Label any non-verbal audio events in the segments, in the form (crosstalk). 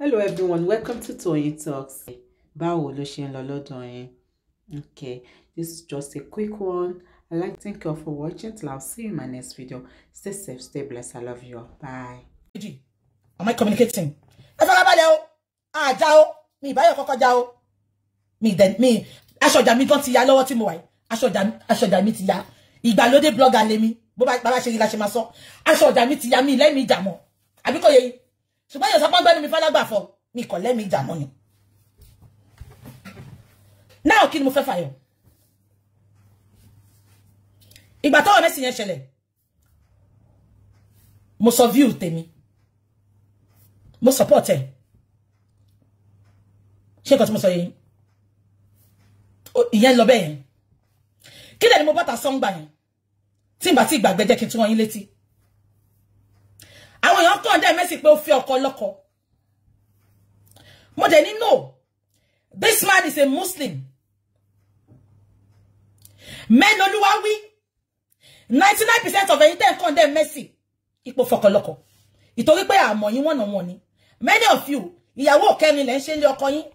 hello everyone welcome to Toyeen Talks báwo ló ṣe ń lọ lọ́dọ̀ yín okay this is just a quick one i like to thank you all for watching till i'll see you in my next video stay safe stay blessed i love you all bye. am i communicating. ẹ fara balẹ̀ o àjà o mi ìbáyọ̀ kọ́kọ́ já o mi ìdẹ̀ mi aṣọ mi tán ti ya lọ́wọ́ tí mo wà yìí aṣọ ọjà mi ti ya ìgbàlódé blogger lèmi bó bá ṣe rí la ṣe máa sọ aṣọ mi ti ya mi lẹ́mìí ìjà mọ́ àbíkọ́ yẹ yìí ṣùgbọ́n yóò sọpọ́n gbẹ́nu mi fálágbà fọ mi kọ̀ lẹ́mi ìjà mọ́ Now náà kí ni mo fẹ́ fàyọ ìgbà tọ́wọ́ mẹ́sì yẹn ṣẹlẹ̀ mo sọ view support ẹ̀ ṣé nǹkan tí mo sọ yìí ìyẹn lọ bẹ́ẹ̀ yẹn kí lẹ́ni mo bọ́ta sọ́ngbà yẹn tí n bá ti mo so Oh, iyen lo jẹ́ bota songba song ti n tún wọn yín àwọn èèyàn kàn dá mẹ́sì pé ó fi ọkọ lọ́kọ mo dẹ̀ ní no this man is a Muslim mẹ́nu olúwa wí ninety nine percent of ẹ̀yin tẹ́ ń kàn dá mẹ́sì ipò fọkọ lọ́kọ ìtorí pé àmọ́ yín wọ̀nà wọn ni many of you ìyàwó kẹrin lẹ́ ń ṣe lé ọkọ yín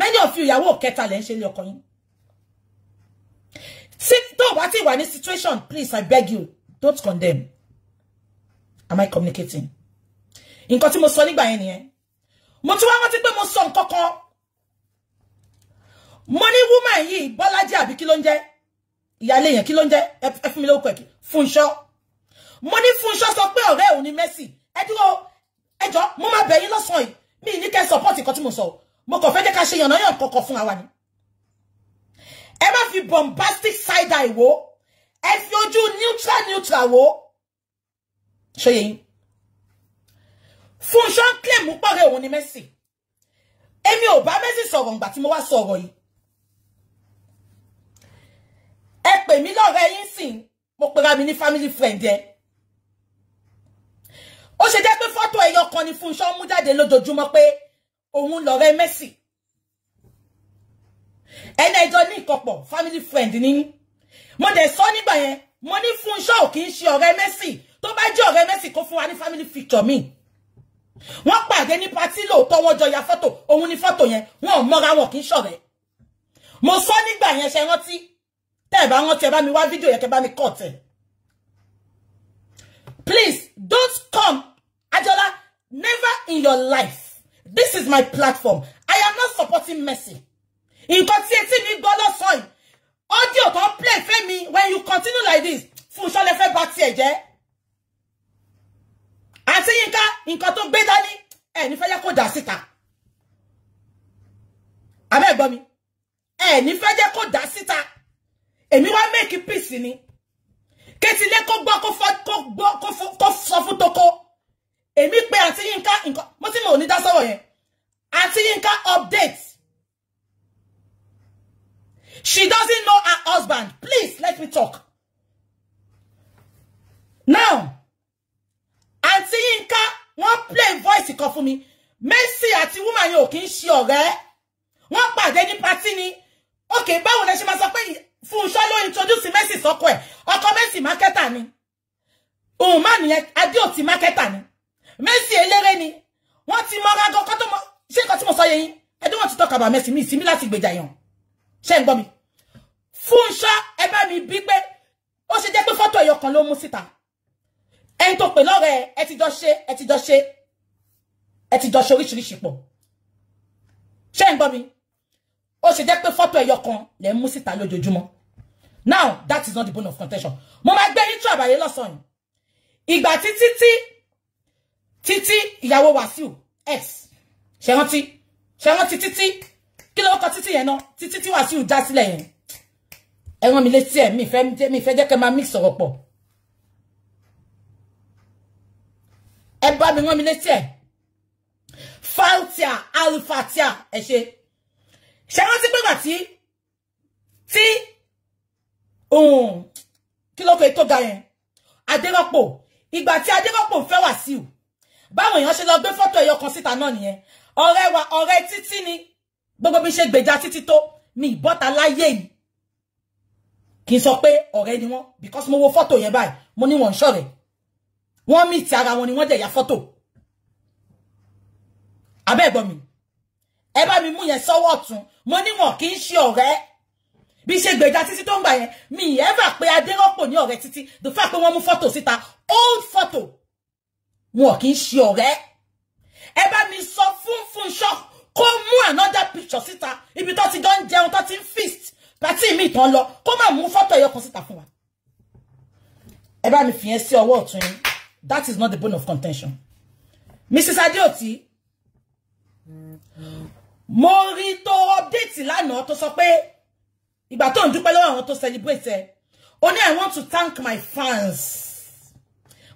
many of you ìyàwó kẹta lẹ́ ń ṣe lé ọkọ yín tí tó bá ti wà ní situation please I beg you don't condemn am I communicating? In tí mo sọ nígbà Mo wá rántí pé mo sọ woman yìí bala àbí kí yale ń jẹ́? Ìyáálé yẹn kí ló Money jẹ́? Ẹ fún mi lóko edo Fúnṣọ́. Mo ní sọ ọ̀rẹ́ ni Ẹ dúró ẹjọ́ mo be Mi ní kẹ́ support nǹkan tí mo sọ. Mo kàn fẹ́ jẹ́ ká ṣe yànnà fún fi bombastic side eye wo. Ẹ fi neutral neutral wo ṣó yẹ yín Funṣọ́ claim pọ̀rẹ́ òun ni Mercy èmi ò bá Mercy sọ̀rọ̀ ǹgbà tí mo wá sọ̀rọ̀ yìí ẹ pè mí lọ́rẹ́ yín sìn mo pera ní family friend ẹ ó ṣe jẹ́ pé fọ́tò ẹyọ kan ni Funṣọ́ mú jáde lójoojúmọ́ pé lo re Mercy ene jo ní kopo family friend ni mo dẹ̀ soni nígbà yẹn mo ní Funṣọ́ ò kì í ṣe ọ̀rẹ́ Mercy tó bá jẹ́ ọ̀rẹ́ Mercy kó fún wa ní family picture mi wọ́n pàdé ní patí lóòótọ́ wọ́n jọ ya fọ́tò òun ni fọ́tò yẹn wọn ò mọ́ra wọn kì í ṣọ̀rẹ́ mo sọ nígbà yẹn ṣe rántí tẹ́ ẹ̀ bá rántí ẹ bá mi wá fídíò yẹn kẹ́ bá mi kọ̀ please don't come Ajola never in your life this is my platform I am not supporting Mercy nǹkan tí etí mi gbọ́ lọ́sọ̀ọ́ audio tó ń play fẹ́ mi when you continue like this fún ìṣọ́lẹ̀ fẹ́ bá tiẹ̀ jẹ́ àti Yínká gbé dání ẹ ní fẹ́ jẹ́ kó dà síta abẹ́ gbọ́ mi ẹ ní fẹ́ jẹ́ kó dà síta èmi wá make peace ni kó gbọ́ kó gbọ́ kó sọ fún toko èmi pé àti Yínká mo ti mọ̀ ní dá yẹn àti Yínká update she doesn't know her husband please let me talk now àti Yínká wọ́n play voice kan fún mi Messi àti woman you ò kí ń ṣe One wọ́n pàdé ní pátì ni òkè Okay, lẹ ṣe máa sọ pé ló introduce Messi sọ́kọ ẹ̀ ọkọ Messi mákẹ́tà ni òun má nìyẹn adéòtí mákẹ́tà ni Mercy eléré ni wọ́n ti mọ́ra gan kó tó mọ́ ṣé nǹkan tí mo se ti yẹ yín I don't want to talk about Messi. mi ìsinmi láti gbèjà yàn ṣé ń gbọ́ mi Fúnṣọ́ ẹ bá mi bí pé ó ṣe jẹ́ pé ló mú síta ẹni tó pè lọ́rẹ̀ ẹ ti doshe ṣe ẹ ti jọ ṣe ẹ ti jọ ṣe oríṣiríṣi pọ̀ ṣé ń gbọ́ ó ṣe jẹ́ pé fọ́tò ẹ̀yọ kan lè mú talo lójoojúmọ́ now that is not the bone of contention Mama máa gbé yín tú àbáyé lọ́sàn-án ìgbà tí títí títí ìyàwó Wàsíù x ṣe rántí ṣe rántí títí kí ló kọ títí yẹn náà títí tí Wàsíù já sílẹ̀ yẹn ẹ̀ràn mi létí ẹ̀ mi fẹ́ jẹ́ kẹ́ máa mix ọ̀rọ̀ pọ̀. ẹ bá mi rán mi létí ẹ̀ fáwùtìà alifàtìà ẹ ṣe ṣe rántí pé gbàtí tí um, kí ló fẹ́ tó ga yẹn adérọ́pò ìgbà tí adérọ́pò fẹ́ Ba báwọn èèyàn ṣe lọ gbé fọ́tò ẹ̀yọ kan síta náà nìyẹn ọ̀rẹ́ wa ọ̀rẹ́ títí ni gbogbo bí ṣe gbèjà títí tó mi bota láyé yìí kì í sọ pé ọ̀rẹ́ ni wọ́n because mo wo fọ́tò yẹn báyìí mo ní wọ́n ń ṣọ̀rẹ́ wọ́n mí ti ara wọn ni wọ́n dẹ̀ ya photo. abẹ́ ẹ̀gbọ́n mi ẹ bá mi mú yẹn sọ́wọ́ ọ̀tún mo níwọ̀n kì í ṣe ọ̀rẹ́ bí ṣe gbèjà títí tó ń gbà yẹn mi ẹ̀fà pé adérọ́pò ní ọ̀rẹ́ títí the fact pé wọ́n mú fọ́tò síta old photo wọn kì í ọ̀rẹ́ ẹ bá mi sọ fún fun Fúnṣọ́ kó mú another picture síta ibi tó ti jọ ń jẹun tó ti ń feast pàtí mi ìtàn lọ kó má mú photo fọ́tò ẹyọkan síta fún wa ẹ bá mi fìyẹn sí ọwọ́ ọ̀tún yín. That is not the bone of contention. Mrs. Adeoti, mo rí tó update lánàá tó sọ pé ìgbà tó dúpẹ́ lọ́wọ́ àwọn tó celebrate ẹ. I want to thank my fans.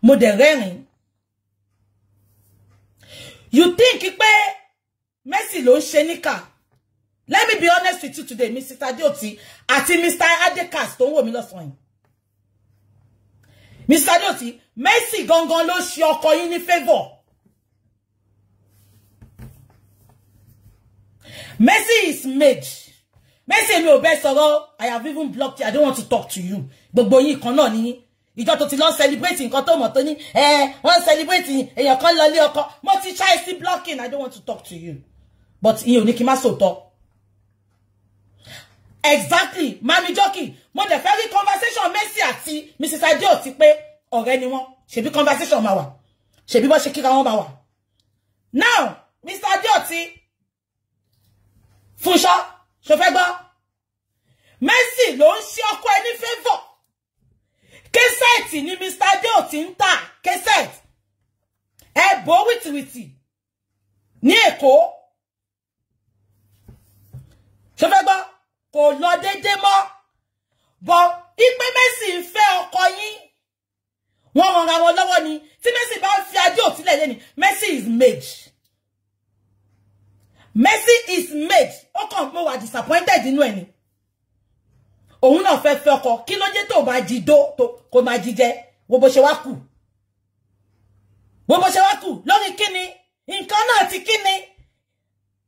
Mo You think pé Mercy ló ń ṣe níkà? Let me be honest with you today, Mrs. Adeoti àti Mr. Adekas tó ń wò mí Mr. Doti, Messi gangan ló ṣe ọkọ yín ní favour. Mercy is made. Messi, mi ò bẹ́ sọ̀rọ̀. I have even blocked you. I don't want to talk to you. Gbogbo yín kan náà ni ìjọ tó ti lọ celebrate nǹkan tó mọ̀ tó ní ẹ wọ́n celebrate èèyàn kan lọ lé ọkọ. Mo ti try sí blocking. I don't want to talk to you. But you ò ní kí n má sòótọ́ exactly mami joking mo dẹ̀ fẹ́ rí conversation Mercy àti Mrs Adeoti pé ọ̀rẹ́ ni wọ́n ṣebí conversation máa wà ṣebí bọ́ she kíra wọn máa wà now Mr Adeoti Fusha, she fẹ́ go. Mercy ló ń ṣe ọkọ ẹni favour kẹsẹ̀tì ni Mr Adeoti ń tà kẹsẹ̀tì ẹ bò wìtìwìtì ní Èkó She fẹ́ go kò lọ déédéé mọ́ bọ́ ipe Mercy ń fẹ́ ọkọ yín wọ́n ràn ra wọn lọ́wọ́ ni tí Mercy bá fi ajé òtílẹ̀ Mercy is made Mercy is made ó kàn mo wà disappointed nínú ẹ̀ ni òun náà fẹ́ fẹ́ ọkọ kí ló jẹ́ tó bá jí to, kó máa jíjẹ wo bó ṣe wá kù wo bó ṣe wá kù lórí kíni ti kíni.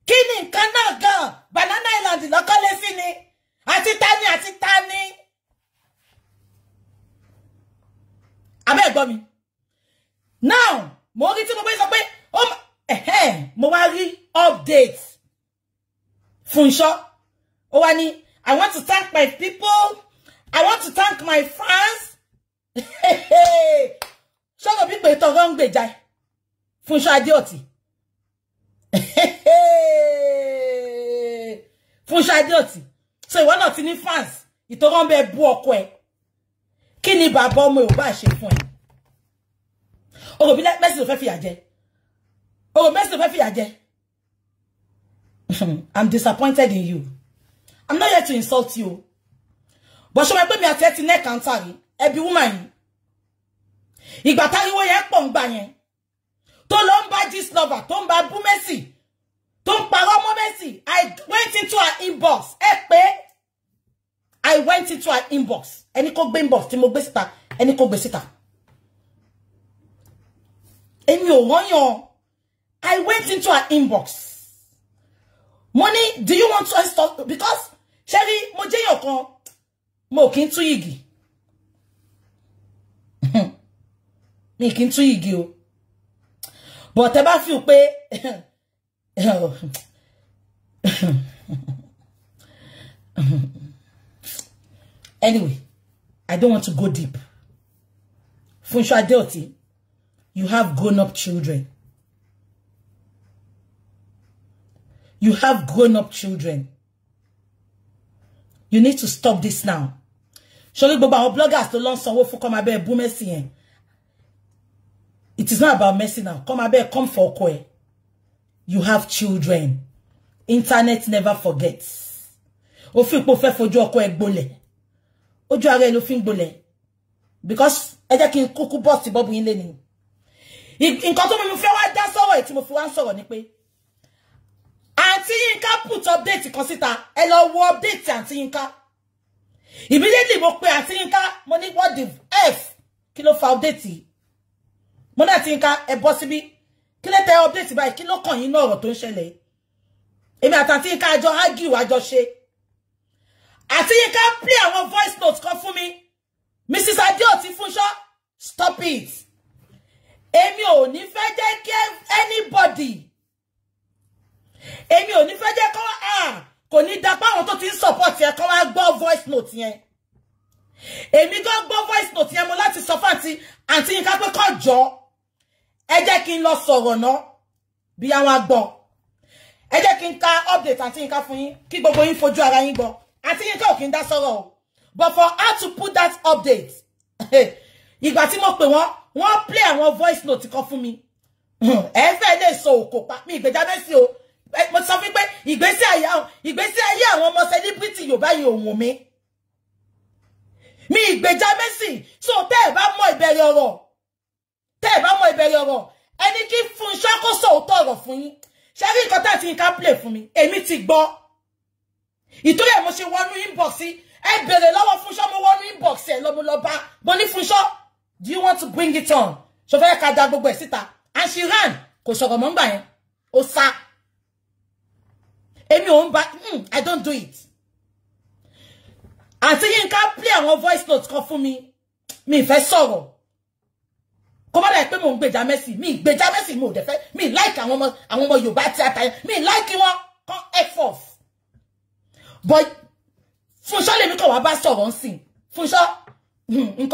Kini ni nǹkan gan Banana Island lọ́kọ́lé sí ni àti tani àti tani. abẹ́ gbọ́ mi now mo rí tí mo gbé sọ pé mo wá rí update Funsho ó wá ní I want to thank my people I want to thank my fans (laughs) ṣọ́nà bí pé tọ́rọ ń gbèjà Funsho Adéọ̀tì so fans bu baba ba oro fẹ́ orò fe jẹ (laughs) I'm disappointed in you I'm not here to insult you but ṣọ́ wọn be mi àti ẹ ti nẹ́ẹ̀kà tàrí ẹbí woman ìgbà táriwo yẹn pọ̀ ń gbà yẹn tó lọ this lover tó ń bú Mercy tó ń parọ́ mọ́ Mercy I went into her inbox ẹ I went into her inbox ẹni kó gbé inbox tí mo gbé síta ẹni kó gbé síta èmi ò rányàn I went into her inbox Money. do you want to stop because Sherry, rí mo jẹ́yàn kan mo kì tú yìgì (laughs) mi kì tú yìgì o but ẹ bá fi hù (laughs) (coughs) anyway, I don't want to go deep. Funsho Adeoti, you have grown-up children. You have grown-up children. You need to stop this now. Surely, Baba, our has to learn some for come abẹ́ bú Mercy. It is not about Messi now. Come abẹ́, come for Kwe you have children internet never forgets ó fi po fẹ́ fojú ọkọ ẹ gbolẹ̀ ojú ló fi ń gbolẹ̀ because ẹ jẹ́ kí gbole because e je ki kuku bust bobu yín leni nǹkan tó mi fẹ́ wá dá so wa tí mo fi wá ń sọ̀rọ̀ ni pé Aunty Yinka put update kan síta ẹ lọ wo update Aunty Yinka immediately mo pè Aunty Yinka mo ní what the f kilo ló fa update mo ní Aunty Yinka ẹ bọ́ síbí kí lè tẹ update báyìí kí lọ́kàn yín náà ọ̀rọ̀ tó ń ṣẹlẹ̀ èmi àtàntí yín ká àjọ argue wá jọ ṣe àti yín ká play àwọn voice notes, kan fún mi Mrs Adeoti Funsho stop it èmi ò ní fẹ́ jẹ́ kí anybody èmi ò ní fẹ́ jẹ́ kọ́ kò ní dá páwọn tó ti ń support yẹn kọ́ wá gbọ́ voice note yẹn èmi gan gbọ́ voice note yẹn mo láti sọ fún àǹtí àǹtí yín ká pé kọ́ jọ́ ẹ jẹ́ kí n lọ sọ̀rọ̀ náà bí àwọn agbọ̀n ẹ jẹ́ ka update àti nǹkan fún yín kí gbogbo yín fojú ara yín gbọ́ àti yín kọ́ kí n dá sọ̀rọ̀ o but for how to put that update (laughs) ìgbà tí mo pè wọ́n wọ́n play àwọn voice note kan fún mi (clears throat) ẹ fẹ́ lè sọ òkò pa mi ìgbèjà mẹ́sì o mo sọ fún pé ìgbésí ayé àwọn ìgbésí ayé àwọn ọmọ celebrity yorùbá yìí òun mi mi ìgbèjà mẹ́sì so tẹ́ ẹ bá mọ ìbẹ̀rẹ̀ ọ̀rọ̀ tẹ́ ẹ̀ bá mọ ìbẹ̀rẹ̀ ọ̀rọ̀ ẹni kí Fúnṣọ́ kó sòótọ́ ọ̀rọ̀ fún yín ṣe rí nǹkan tẹ́ẹ̀ tí yín ká play fún mi èmi ti gbọ́ ìtorí ẹ̀ mo ibere oro play inbox inbox do you want to bring it on ṣo síta and she ran ò ń hmm, I don't do it àti yín ká play àwọn voice notes. Come for me. Me first sọ̀rọ̀ pé mò gbèjà Mercy mi gbèjà Mercy dẹ̀ fẹ́ mi like àwọn àwọn Yorùbá tí mi like wọn wá bá sìn hmm,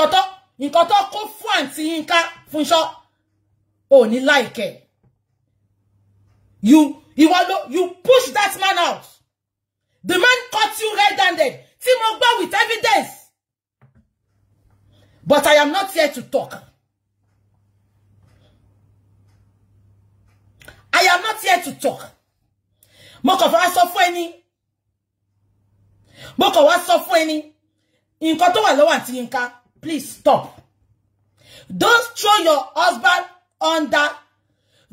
tó tó kó fún àǹtí like ẹ̀ you ìwọ ló you push that man out the man caught you red-handed tí mo gbọ́ with evidence but I am not here to talk. I am not here to talk. Mo kàn fẹ́ wá sọ fún ẹni. wá sọ fún ẹni. wà please stop. Don't throw your husband under.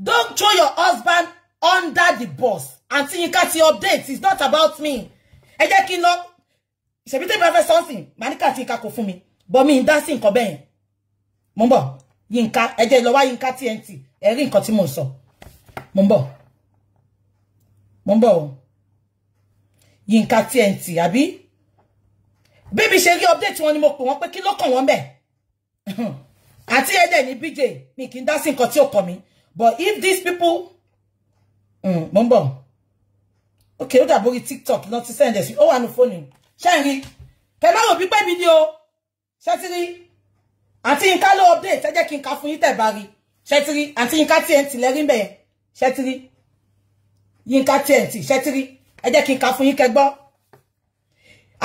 Don't throw your husband under the bus. Auntie Yinka ti update. It's not about me. I jẹ́ kí n lọ. Ṣebí tẹ́ bá something. Manika ti Yinka kò mi. But me in dá sí nǹkan bẹ́ẹ̀. Mo ń bọ̀. Yinka, ẹ jẹ́ lọ wá Yinka TNT. Ẹ rí nǹkan tí mo sọ. mo ń bọ̀ mo ń bọ̀ o Yinka TNT àbí bíbi ṣe rí update wọn ni mo pè wọ́n pé kí ló kàn wọ́n bẹ̀ (laughs) àti ẹ̀dẹ̀ ní BJ mi kì í dá sí nǹkan tí ò kàn mí but if these people mm, mo ń bọ̀ ok ó dàbò orí TikTok náà ti send ẹ̀ sí ó wà nù fóònù ṣe ń rí kẹlẹ́ òbí pẹ́ mi ni o ṣe ti rí àti Yinka ló update ẹ jẹ́ kí n ka fún yín tẹ̀ bá rí ṣe ti rí àti Yinka TNT lẹ́rí bẹ́ẹ̀ ṣẹ́tírí yínká TNT ṣẹ́tírí ẹ jẹ́ kí n ka fún yín kẹgbọ́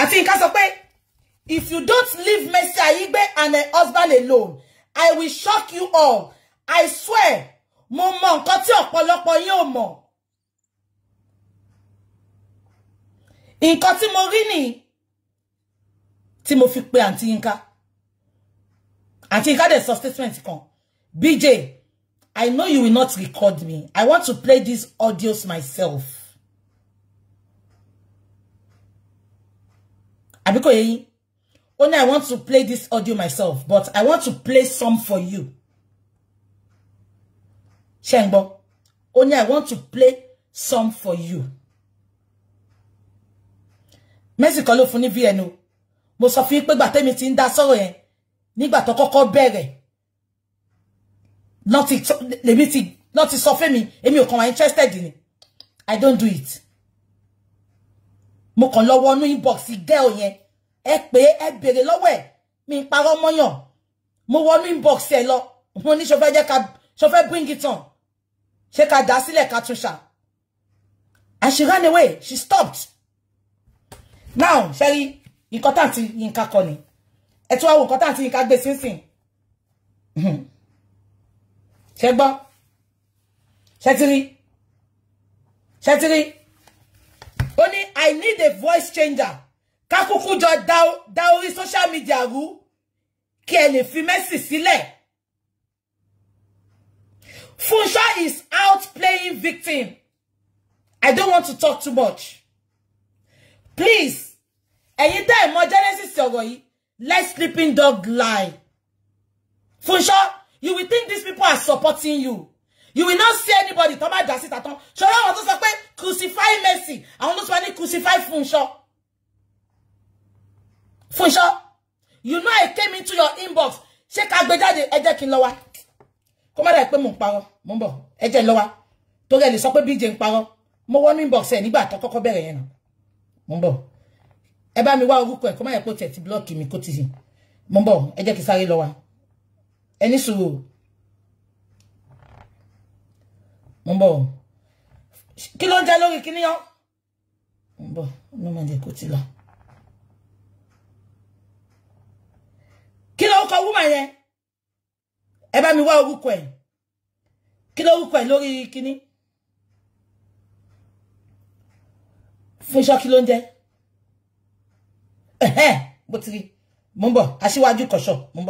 àti yínká sọ pé if you don't leave Mercy Aigbe and her husband alone I will shock you all I swear mo mọ nǹkan tí ọ̀pọ̀lọpọ̀ yín ò mọ̀ nǹkan tí mo rí nìyí tí mo fi pe àǹtí yínká àǹtí yínká dẹ̀ sọ statement kan BJ I know you will not record me. I want to play these audios myself. Abiko only I want to play this audio myself, but I want to play some for you. Shengbo, only I want to play some for you. Mercy Kolo VNO. Mo sọ fún pé gbà tó kọ́kọ́ bẹ̀rẹ̀ lọ ti lèmi ti lọ Not it. fún mi èmi ò kàn wá interested it? i don't do it mo kàn lọ wọnú inbox girl yẹn ẹ pé ẹ béèrè lọ́wọ́ ẹ̀ mi ń parọ́ mọ́yàn mo wọnú inbox ẹ lọ mo ní ṣọfẹ́ jẹ́ ká chauffeur bring it on ṣé ká dá sílẹ̀ ká tún ṣá and she ran away she stopped now ṣẹ́rí nǹkan tá àti Yinka kọ ni ẹ̀ tún wá wo nǹkan tá àti Yinka gbé sínsìn. Hmm ṣe gbọ́ ṣe ti i need a voice changer kákúkú jọ dá orí social media rú kí ẹ lè fi Mercy sílẹ̀ Funsho is out playing victim i don't want to talk too much please ẹ̀yin dá ìmọ̀ genesis ọ̀rọ̀ yìí let sleeping dog lie Funsho you will think these people are supporting you. You will not see anybody. Tó bá jà síta tán. Ṣọlá wọn tó sọ pé crucify Mercy. Àwọn tó sọ ní crucify Funsho. Funsho. You know I came into your inbox. Ṣé ká gbé jáde ẹ jẹ́ kí n lọ wá. Kó má dà pé mò ń parọ́. Mò ń bọ̀. Ẹ jẹ́ lọ wá. Torí ẹ lè sọ pé BJ ń parọ́. Mo mi wá orúkọ ẹ̀ kó má yẹ kó tiẹ̀ ti blọ́ọ̀kì mi kó ti yìn. Mo Eje bo e je lo wa tori e le so pe paro mo inbox e to koko bere yen naa Eba n mi wa oruko e ko sáré mi ko ti yin mo ki lo wa ẹ ní sùúrù mo ń bọ̀ kí ló ń jẹ lórí kíní yán mo ń bọ̀ ní mo lè kó ti lọ kí ló kọ wúmọ lórí kíní fún iṣọ kí ló ń jẹ bó ti rí mo ń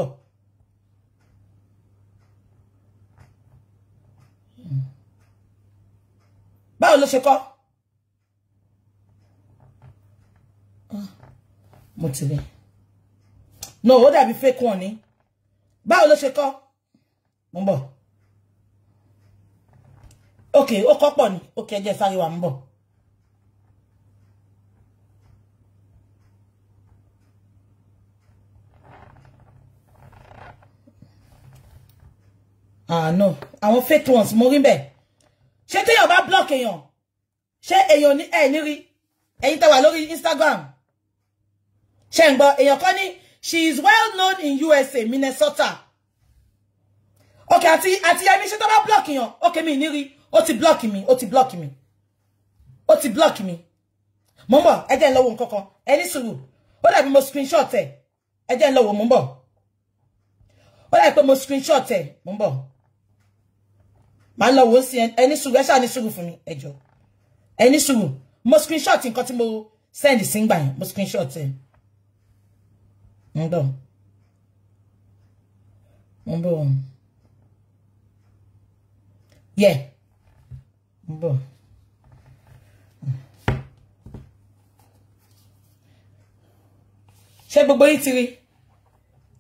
báwo ló ṣe kọ́ ah, mo ti rí no ó dàbí fake one ni báwo ló ṣe kọ́ mo ń bọ̀ ok ó kọ́ pọ̀ ni ok ẹ sáré wa ń bọ̀. Ah no, àwọn fake ones mo rí bẹ́ẹ̀. ṣé téèyàn bá block èèyàn ṣé èèyàn ní ẹ̀ nírí ẹ̀yin tẹ́ wà lórí Instagram ṣe ń gbọ́ èèyàn kan ní she is well known in USA Minnesota ok àti àti ẹni ṣé tó bá block èèyàn ok mi nírí ó ti block mi ó ti block mi ó ti block mi mo ń bọ̀ ẹ jẹ́ ń lọ́wọ́ nǹkan kan ẹ ní sùúrù ó dàbí mo screenshot ẹ̀ ẹ jẹ́ ń lọ́wọ́ mo ń ó dàbí pé mo screenshot ẹ̀ mo màá lọ wò ó sí ẹni sùúrù ẹ ṣáà ní sùúrù fún mi ẹ jọ̀ọ́ ẹni sùúrù mo screenshot nǹkan tí mo send sí ń gbà yẹn mo screenshot ẹ ń bọ̀ ń bọ̀ yẹ gbogbo yín ti rí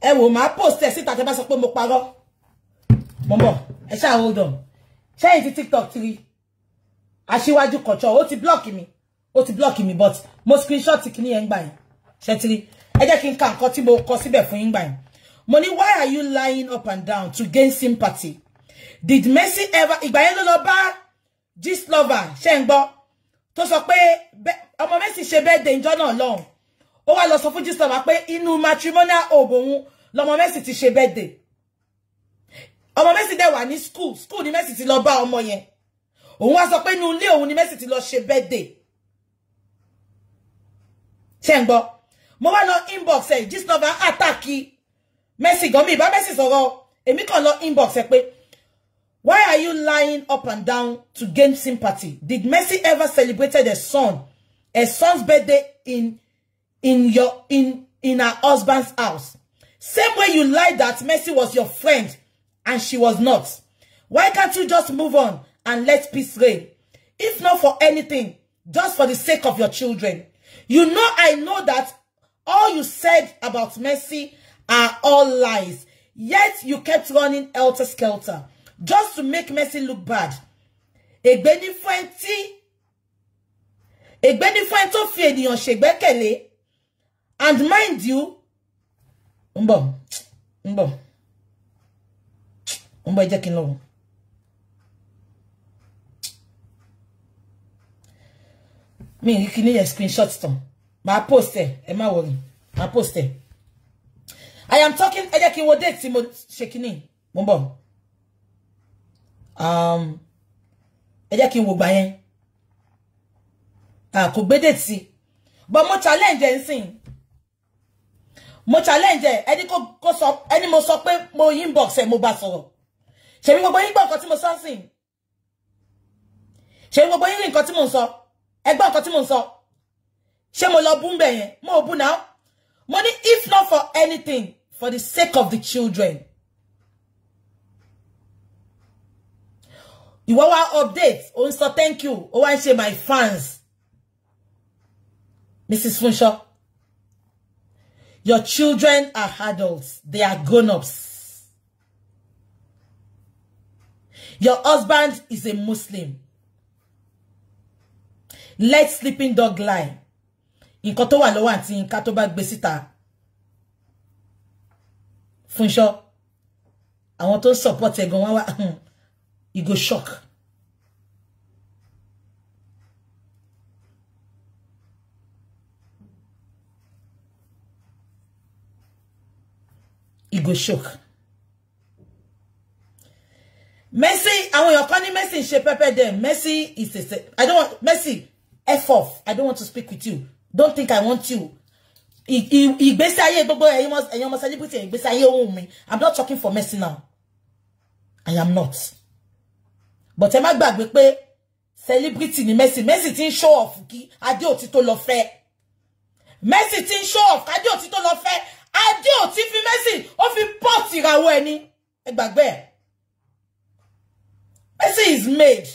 ẹ wò máa post ẹ síta tẹ bá sọ pé mo parọ́ mo ń ẹ ṣáà hold on ṣẹ́yìn tí tiktok kiri aṣíwájú kọ̀ọ̀tọ̀ o ti block me, o ti block me, but mo screenshot kìíní yẹn gbà yẹn ṣẹ́tìrí ẹ jẹ́ kí n ka nǹkan tí mo kọ síbẹ̀ fún yín gbà yẹn mo why are you lying up and down to gain sympathy did Messi ever ìgbà yẹn ló lọ bá lover ṣe ń gbọ́ tó sọ pé ọmọ Mercy ṣe bẹ́ẹ̀ dèjọ́ náà lọ́hùn ó wá lọ sọ fún gist lover pé inú matrimonial home òun lọmọ Mercy ti ṣe bẹ́ẹ̀ ọmọ Mercy dẹ̀ wà ní school school ni Mercy ti lọ bá ọmọ yẹn òun wá sọ pé inú ilé òun ni Mercy ti lọ ṣe birthday ṣe ń gbọ́ mo wá lọ inbox ẹ̀ gist number àtàkì Mercy gan mi ìbá Mercy sọ̀rọ̀ èmi kàn lọ inbox ẹ̀ pé why are you lying up and down to gain sympathy did Messi ever celebrated a son a son's birthday in in your in in her husband's house same way you lied that Messi was your friend and she was not. Why can't you just move on and let peace reign? If not for anything, just for the sake of your children. You know, I know that all you said about Mercy are all lies. Yet you kept running elter skelter just to make Mercy look bad. Ègbé ni fún ẹni tí ègbé and mind you umbo, umbo òun bá jẹ́ kí n Me, you can kí ní yẹn screenshot tán màá post ẹ ẹ má wọrí màá post am talking ẹ jẹ́ kí n wo date tí mo ṣe kí ni mo ń bọ̀ um, ẹ jẹ́ kí n wo gbà yẹn ah, kò gbé date but mo challenge ẹ nsìn mo challenge ẹ ẹni kò sọ ẹni mo sọ pé mo inbox ẹ mo ṣebí gbogbo yín gbọ́ nǹkan tí mo sọ sí ṣebí gbogbo yín rí nǹkan tí mo sọ ẹ gbọ́ nǹkan tí mo sọ ṣé mo lọ bú yẹn mo bú if not for anything for the sake of the children want our updates? Oh ń sọ thank you Oh I say, my fans Mrs. Funsho your children are adults they are grown-ups. Your husband is a Muslim. Let sleeping dog lie. In tó wà lọ́wọ́ àti nǹkan tó bá gbé síta. Fúnṣọ́, àwọn tó support a gan hmm, you go shock. You go shock. Mercy àwọn èèyàn kan ní Mercy ń ṣe pẹ́pẹ́ dem Mercy is a I don't want Mercy f off I don't want to speak with you don't think I want you I'm not talking for Mercy now I am not but I'm ẹ back with me. celebrity ni Mercy Mercy ti show off kí Adéòtí tó lọ fẹ́ Mercy ti ń show off Adéòtí tó lọ fẹ́ Adéòtí fi Mercy ó fi pọ́ọ̀tì ìràwọ̀ ẹni ẹ gbàgbé ẹ̀. Messi is made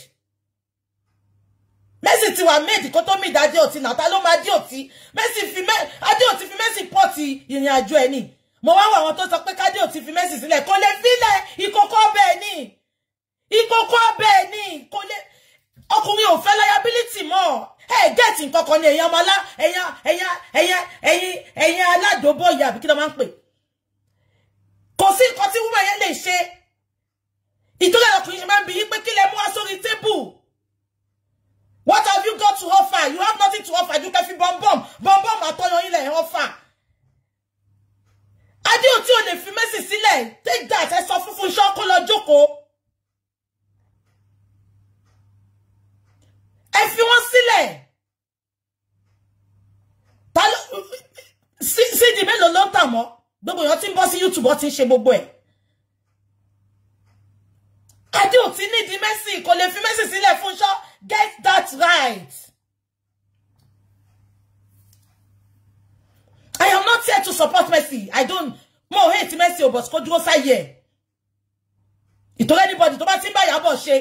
Messi, ti wà made kó tó mi ìdá Oti náà ta ló máa Oti Messi, fi Adéòtí fi Messi, pọ́ọ̀tì ìrìn àjò ẹ̀ ni mo wá wà wọn tó sọ pé kádéòtí fi Messi, sílẹ̀ kó lè fílẹ̀ ìkókó bẹ́ẹ̀ ni ìkókó bẹ́ẹ̀ ni kó lè ọkùnrin ò fẹ́ liability mọ́ Hey, gẹ́ẹ̀tì nǹkan kan ní ẹ̀yin ọmọlá ẹ̀yin ẹ̀yin ẹ̀yin ẹ̀yin ẹ̀yin aládòbọ̀ ìyá àbí kí ló máa ń pè kò sí nǹkan tí wúmọ̀ yẹn lè ṣe ìtúlẹ̀ ọkùnrin ṣe máa ń bi yín pé kí lẹ mú wá sórí tébù what have you got to offer you have nothing to offer You can't bomb bomb bomb bomb. i bọ́m̀bọ́m àtọyọ ilẹ̀ ẹ̀ offer I adéòtí ò lè fi mẹ́sì sílẹ̀ take that i ẹ sọ fúnfún iṣẹ́ ọkọ lọ jókòó ẹ fi See, see, sídìí mélòó ló ń tà Don't èèyàn ti ń bọ́ sí YouTube ó ti ń ṣe gbogbo ẹ̀. Daddy ò ti ní di Mercy kò lè fi Mercy sílẹ̀ fún ṣọ́ get that right. I am not here to support Mercy. I don't mo hate Mercy o but kó dúró sáyé ẹ̀. Ìtòrẹ́ anybody to bá ti ń bá Ìyábọ̀ ṣe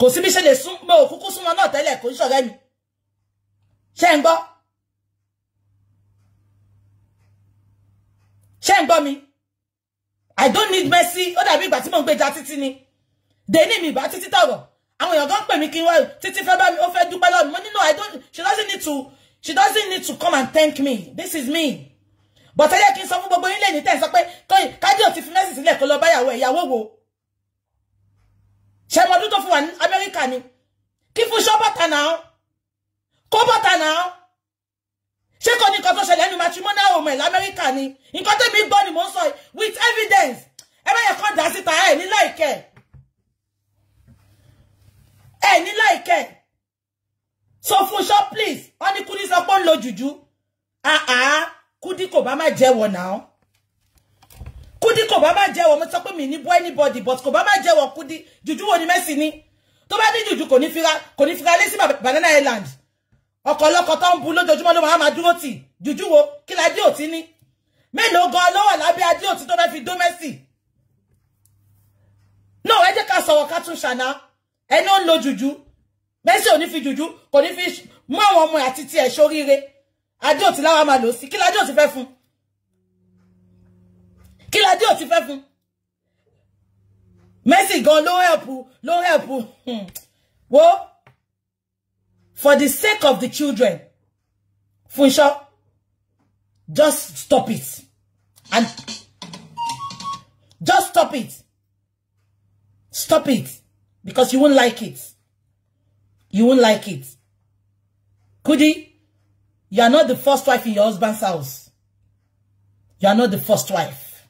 kò sí bí ṣe lè sún mo kúkú súnmọ́ náà tẹ́lẹ̀ kò ń ṣọ̀rẹ́ mi. Ṣé ń gbọ́? Ṣé ń gbọ́ mi? I don't need mercy. Ó dàbí ìgbà tí that ni. Dè ní mi ìbá títí tọ̀rọ̀. Àwọn èèyàn gan pè mí kí n wá títí They need me ó fẹ́ dúpẹ́ o fe dupe mi. Mo ní no I don't she doesn't need to she doesn't need to come and thank me. This is me. But ẹ yẹ kí n sọ fún gbogbo yín lẹ́yìn tẹ́ ẹ sọ pé kọ́yìn kájọ ti fi mẹ́sì sílẹ̀ kó lọ báyàwó ẹ̀yàwó wo. Ṣé mo dún tó fún wa ní Amẹ́ríkà ni? ni fún ṣọ́ Kó ṣé kò ní nǹkan tó ṣẹlẹ̀ ẹnu matrimonial woman in America ni nǹkan tó mi gbọ́ ni mò sọ with evidence ẹ bá yẹ kàn dá síta ẹ ní láìkẹ́ ẹ ní sọ fún ṣọ́ please wọ́n ní Kudi sọ pé ó ń lo jùjú Kudi kò bá má jẹ́wọ́ now. Kudi kò bá má jẹ́wọ́ mo sọ pé mi ní bọ́ anybody but kò bá má jẹ́wọ́ Kudi jùjú wo ni Mercy ni tó bá ní jùjú kò ní fira kò ní fira lé sí Banana Island ọkọ̀ ọlọ́kọ̀ tó ń bu lójoojúmọ́ ló máa dúró tì jùjú wo kí la dí òtí ní mélòó gan ló wà lábẹ́ adé òtí tó fẹ́ fi dómẹ́sì náà ẹ jẹ́ ká sọ̀rọ̀ ká tún ṣàná ẹni ó ń lo jùjú mẹ́sì ò ní fi jùjú kò ní fi mú àwọn ọmọ àti tiẹ̀ ṣoríire adé òtí láwa máa lò sí kí la dí òtí fẹ́ fún kí la dí òtí fẹ́ fún mẹ́sì gan ló hẹ́pù ló hẹ́pù hmm. wo ki la di oti ni meloo gan lo wa labe ade oti to fe fi domesi naa e je ka soro ka tun sana eni on lo juju mercy oni fi juju ko ni fi mu awon omo ati tie soriire ade oti lawa maa lo si ki la di oti fe fun ki la di oti fe fun mesi gan lo hepu lo hepu wo for the sake of the children, Funsho, just stop it. And just stop it. Stop it. Because you won't like it. You won't like it. Kudi, you are not the first wife in your husband's house. You are not the first wife.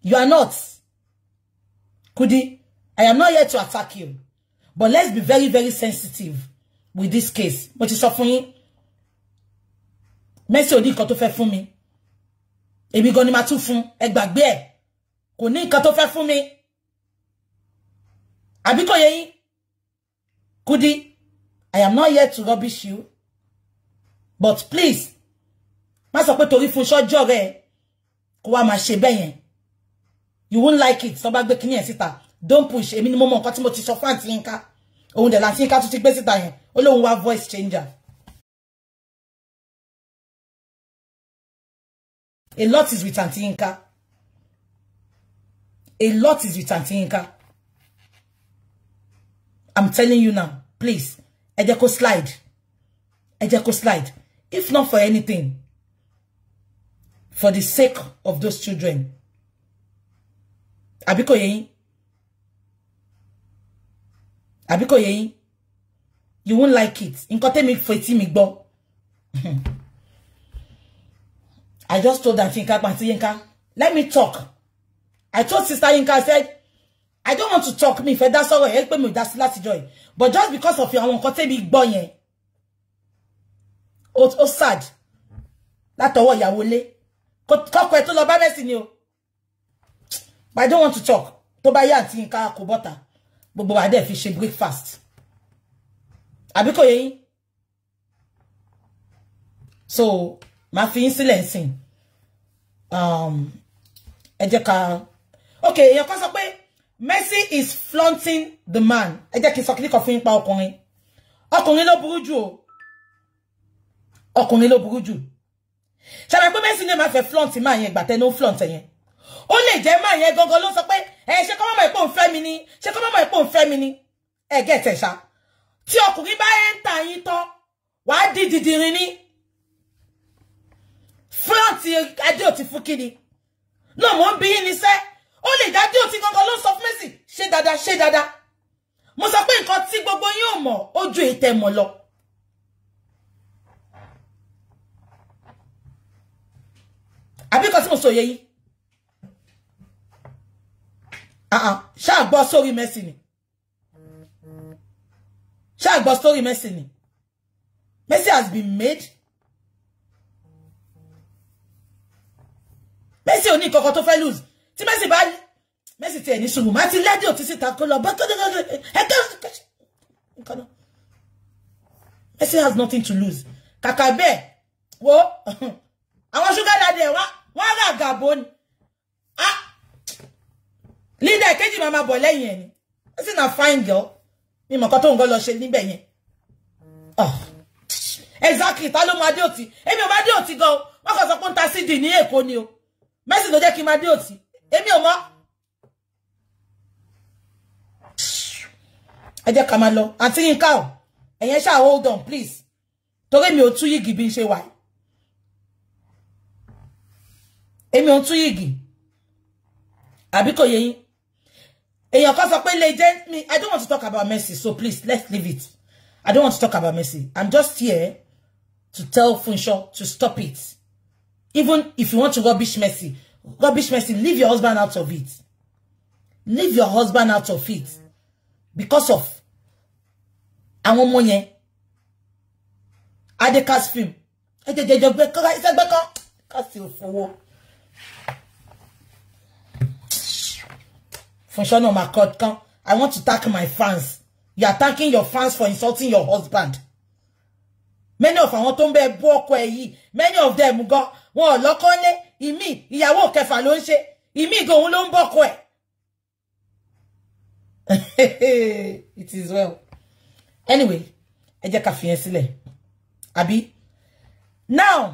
You are not. Kudi, I am not here to attack you. But let's be very, very sensitive with this case mo ti sọ fún yín Mercy ò ní nǹkan tó fẹ́ fún mi èmi gan ni màá tún fún ẹ gbàgbé ẹ kò ní nǹkan tó fẹ́ fún mi àbí kò yẹ yín Kudi I am not here to rubbish you but please má sọ pé torí fún sọ́jọ́ rẹ kó wá máa ṣe bẹ́ẹ̀ you won't like it tó bá gbé kíní ẹ̀ síta don't push èmi ni mo mọ nǹkan tí mo ti sọ fún àǹtí yín ká òun dẹ̀ láǹtí yín ká ti gbé síta yẹn ó wá voice changer a lot is with Auntie a lot is with Auntie i'm telling you now please A jẹ́ slide A jẹ́ slide if not for anything for the sake of those children Abiko kò Abiko yín you won't like it nǹkan me fetí me gbọ́ (laughs) i just told that Yinka Panti Yinka let me talk i told sister Yinka i said i don't want to talk Me for dá sọ̀rọ̀ ẹ pé mi ò dá sí látijọ́ but just because of àwọn nǹkan big boy. Oh, ó sad That's ìyàwó lé kọ́kọ́ ẹ tó lọ bá in you. but i don't want to talk tó buy yá àti Yinka kò bọ́ta gbogbo wa dẹ̀ fi breakfast. àbí kò yé so màá fi yín sílẹ̀ nsìn um, ẹ jẹ́ ká ok èèyàn kan sọ pé Mercy is flaunting the man ẹ jẹ́ kí n sọ kíníkan fún yín pa ọkùnrin ọkùnrin ló burú jù o ọkùnrin ló burú jù ṣàlàyé pé Mercy ní ẹ máa fẹ́ flaunt máa yẹn gbàtẹ́ ló ń flaunt yẹn ó lè jẹ́ máa yẹn gangan ló sọ pé ẹ ṣe kọ́ mọ́mọ́ ìpò ń fẹ́ mi ni ṣe kọ́ mọ́mọ́ ìpò ń fẹ́ mi ni ẹ gẹ́tẹ̀ ṣáá tí ọkùnrin bá ẹ́ńtà yín tán wàá di dìdìrín ní fúláǹtì adé òtí fún kíni náà mò ń bí yín níṣẹ́ ó lè dájú òtí gangan ló ń sọ fún mẹ́sì ṣé dáadáa ṣé dáadáa mo sọ pé nǹkan tí gbogbo yín ò mọ̀ ó ju ìtẹ̀mọ̀ lọ. àbí kan tí mo sọ yẹ yín ah, ah, ṣáà gbọ́ sórí mẹ́sì ni fulanti ade oti fun kini No, mo n bi yin nise o le daju oti gangan lo n so fun mesi se dada. se daadaa mo so pe nnkan ti gbogbo yin o mo o ju itemo lo abi kan ti mo so ye ah, saa gbo sori mesi ni ṣé àgbọ̀ story Messi. ni Mercy has been made Messi ò ní kankan tó fẹ́ lose tí Mercy bá Mercy tiẹ̀ ní sùnmù má ti Messi ba Messi òtí síta kó lọ bá kọ́dọ̀kọ́dọ̀ Messi has nothing to lose kàkà bẹ́ẹ̀ wo àwọn sugar daddy ẹ̀ wá wọ́n Gabon? Ah. ni lídà kejì mama ma bọ̀ lẹ́yìn ẹ̀ ni na fine girl. mi mọ̀ kan tó ń gọ́ lọ ṣe níbẹ̀ yẹn ah. exactly ta ló mọ adéòtí èmi ò mọ adéòtí gan o wọn kàn sọ pé ń ta cd ní èkó ni o mẹ́sì ló jẹ́ kí n mọ adéòtí èmi ò mọ. ẹ jẹ́ ká máa lọ àǹtí Yínká o ẹ̀yẹn ṣáà hold on please torí mi ò tú yìgì bí n ṣe wà èmi ò tú yìgì àbí kò èèyàn kan sọ pé lè I don't want to talk about Mercy so please let's leave it I don't want to talk about Mercy I'm just here to tell Funsho to stop it even if you want to rubbish Mercy rubbish Mercy leave your husband out of it leave your husband out of it because of I ọmọ yẹn adekas film I jẹjẹjẹ gbẹ kọ ẹ fẹ gbẹ kọ kásì my court? Come, I want to thank my fans. You are thanking your fans for insulting your husband. Many of àwọn tó ń bẹ bú Many of them go. Wọ́n lọ́kọ lé. Ìmí ìyàwó kẹfà ló ń ṣe. Ìmí go òun ló ń bọ́kọ ẹ̀. (laughs) It is well. Anyway, ẹ jẹ́ ká fi yẹn now